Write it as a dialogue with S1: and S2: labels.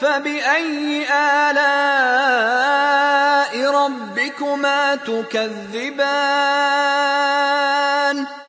S1: فَبِأَيِّ آلَاءِ رَبِّكُمَا تُكَذِّبَانِ